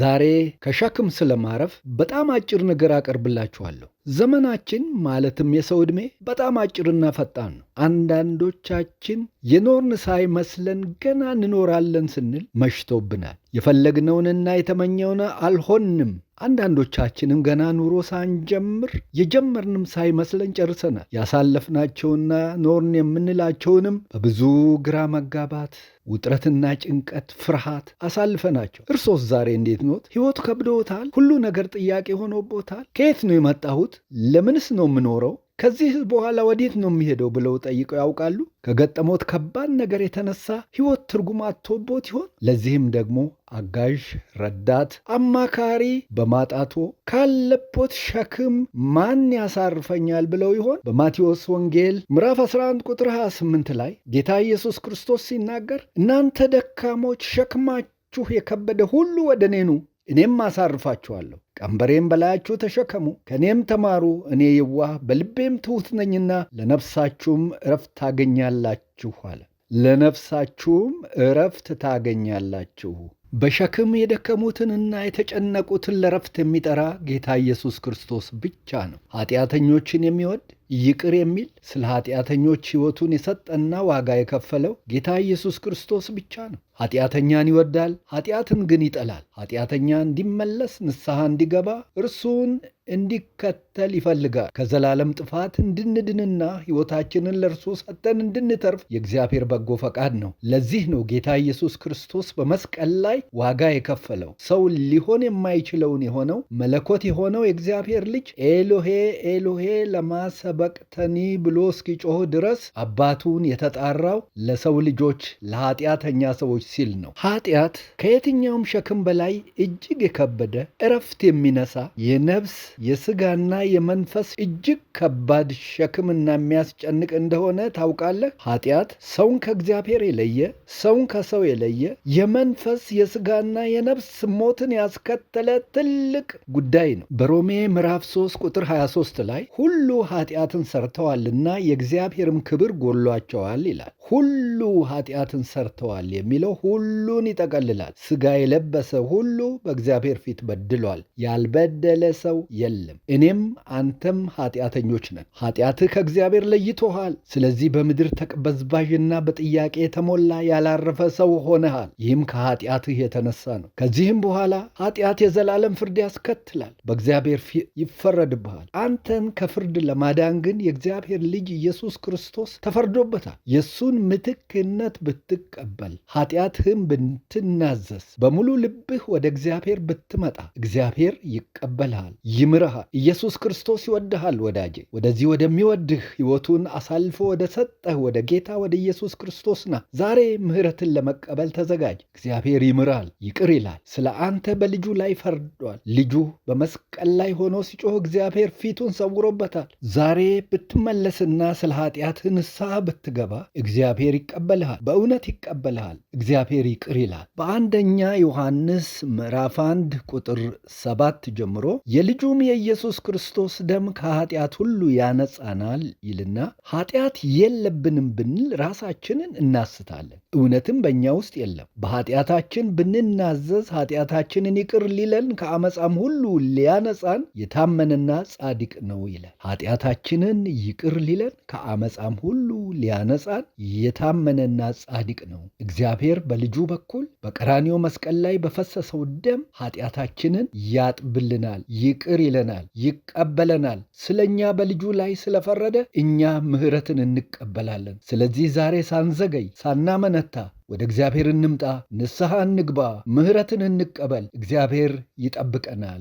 ዛሬ ከሸክም ስለማረፍ በጣም አጭር ነገር አቀርብላችኋለሁ። ዘመናችን ማለትም የሰው ዕድሜ በጣም አጭርና ፈጣን ነው። አንዳንዶቻችን የኖርን ሳይመስለን ገና እንኖራለን ስንል መሽቶብናል። የፈለግነውንና የተመኘውን አልሆንም አንዳንዶቻችንም ገና ኑሮ ሳንጀምር የጀመርንም ሳይመስለን ጨርሰናል። ያሳለፍናቸውና ኖርን የምንላቸውንም በብዙ ግራ መጋባት ውጥረትና ጭንቀት፣ ፍርሃት አሳልፈናቸው። እርሶስ ዛሬ እንዴት ኖት? ሕይወት ከብዶታል? ሁሉ ነገር ጥያቄ ሆኖቦታል? ከየት ነው የመጣሁት? ለምንስ ነው የምኖረው? ከዚህ በኋላ ወዴት ነው የሚሄደው ብለው ጠይቀው ያውቃሉ? ከገጠሞት ከባድ ነገር የተነሳ ሕይወት ትርጉም አጥቶቦት ይሆን? ለዚህም ደግሞ አጋዥ፣ ረዳት፣ አማካሪ በማጣቶ ካለቦት ሸክም ማን ያሳርፈኛል ብለው ይሆን? በማቴዎስ ወንጌል ምዕራፍ 11 ቁጥር 28 ላይ ጌታ ኢየሱስ ክርስቶስ ሲናገር እናንተ ደካሞች ሸክማችሁ የከበደ ሁሉ ወደ እኔ ኑ እኔም አሳርፋችኋለሁ። ቀንበሬም በላያችሁ ተሸከሙ፣ ከእኔም ተማሩ፣ እኔ የዋህ በልቤም ትሑት ነኝና ለነፍሳችሁም እረፍት ታገኛላችሁ አለ። ለነፍሳችሁም እረፍት ታገኛላችሁ። በሸክም የደከሙትንና የተጨነቁትን ለረፍት የሚጠራ ጌታ ኢየሱስ ክርስቶስ ብቻ ነው። ኃጢአተኞችን የሚወድ ይቅር የሚል ስለ ኃጢአተኞች ሕይወቱን የሰጠና ዋጋ የከፈለው ጌታ ኢየሱስ ክርስቶስ ብቻ ነው። ኃጢአተኛን ይወዳል፣ ኃጢአትን ግን ይጠላል። ኃጢአተኛ እንዲመለስ ንስሐ እንዲገባ እርሱን እንዲከተል ይፈልጋል። ከዘላለም ጥፋት እንድንድንና ሕይወታችንን ለእርሱ ሰጥተን እንድንተርፍ የእግዚአብሔር በጎ ፈቃድ ነው። ለዚህ ነው ጌታ ኢየሱስ ክርስቶስ በመስቀል ላይ ዋጋ የከፈለው። ሰው ሊሆን የማይችለውን የሆነው መለኮት የሆነው የእግዚአብሔር ልጅ ኤሎሄ ኤሎሄ ለማ ሰበቅተኒ ብሎ እስኪጮህ ድረስ አባቱን የተጣራው ለሰው ልጆች ለኃጢአተኛ ሰዎች ሰዎች ሲል ነው። ኃጢአት ከየትኛውም ሸክም በላይ እጅግ የከበደ እረፍት የሚነሳ የነፍስ የስጋና የመንፈስ እጅግ ከባድ ሸክምና የሚያስጨንቅ እንደሆነ ታውቃለህ። ኃጢአት ሰውን ከእግዚአብሔር የለየ ሰውን ከሰው የለየ የመንፈስ የስጋና የነፍስ ሞትን ያስከተለ ትልቅ ጉዳይ ነው። በሮሜ ምዕራፍ 3 ቁጥር 23 ላይ ሁሉ ኃጢአትን ሰርተዋልና የእግዚአብሔርም ክብር ጎሏቸዋል ይላል። ሁሉ ኃጢአትን ሰርተዋል የሚለው ሁሉን ይጠቀልላል። ሥጋ የለበሰ ሁሉ በእግዚአብሔር ፊት በድሏል፣ ያልበደለ ሰው የለም። እኔም አንተም ኃጢአተኞች ነን። ኃጢአትህ ከእግዚአብሔር ለይቶሃል። ስለዚህ በምድር ተቅበዝባዥና በጥያቄ የተሞላ ያላረፈ ሰው ሆነሃል። ይህም ከኃጢአትህ የተነሳ ነው። ከዚህም በኋላ ኃጢአት የዘላለም ፍርድ ያስከትላል፣ በእግዚአብሔር ይፈረድብሃል። አንተን ከፍርድ ለማዳን ግን የእግዚአብሔር ልጅ ኢየሱስ ክርስቶስ ተፈርዶበታል። የእሱን ምትክነት ብትቀበል ኃጢአት ኃጢአትህም ብትናዘዝ፣ በሙሉ ልብህ ወደ እግዚአብሔር ብትመጣ እግዚአብሔር ይቀበልሃል፣ ይምርሃል። ኢየሱስ ክርስቶስ ይወድሃል ወዳጄ። ወደዚህ ወደሚወድህ ሕይወቱን አሳልፎ ወደ ሰጠህ ወደ ጌታ ወደ ኢየሱስ ክርስቶስ ና። ዛሬ ምሕረትን ለመቀበል ተዘጋጅ። እግዚአብሔር ይምራል፣ ይቅር ይላል። ስለ አንተ በልጁ ላይ ፈርዷል። ልጁ በመስቀል ላይ ሆኖ ሲጮህ እግዚአብሔር ፊቱን ሰውሮበታል። ዛሬ ብትመለስና ስለ ኃጢአትህ ንስሐ ብትገባ እግዚአብሔር ይቀበልሃል፣ በእውነት ይቀበልሃል። እግዚአብሔር ይቅር ይላል። በአንደኛ ዮሐንስ ምዕራፍ አንድ ቁጥር ሰባት ጀምሮ የልጁም የኢየሱስ ክርስቶስ ደም ከኃጢአት ሁሉ ያነጻናል ይልና ኃጢአት የለብንም ብንል ራሳችንን እናስታለን፣ እውነትም በእኛ ውስጥ የለም። በኃጢአታችን ብንናዘዝ ኃጢአታችንን ይቅር ሊለን ከአመፃም ሁሉ ሊያነጻን የታመነና ጻድቅ ነው ይላል። ኃጢአታችንን ይቅር ሊለን ከአመፃም ሁሉ ሊያነጻን የታመነና ጻድቅ ነው። እግዚአብሔር በልጁ በኩል በቀራኒዮ መስቀል ላይ በፈሰሰው ደም ኃጢአታችንን ያጥብልናል፣ ይቅር ይለናል፣ ይቀበለናል። ስለኛ በልጁ ላይ ስለፈረደ እኛ ምሕረትን እንቀበላለን። ስለዚህ ዛሬ ሳንዘገይ ሳናመነታ ወደ እግዚአብሔር እንምጣ፣ ንስሐ እንግባ፣ ምሕረትን እንቀበል። እግዚአብሔር ይጠብቀናል።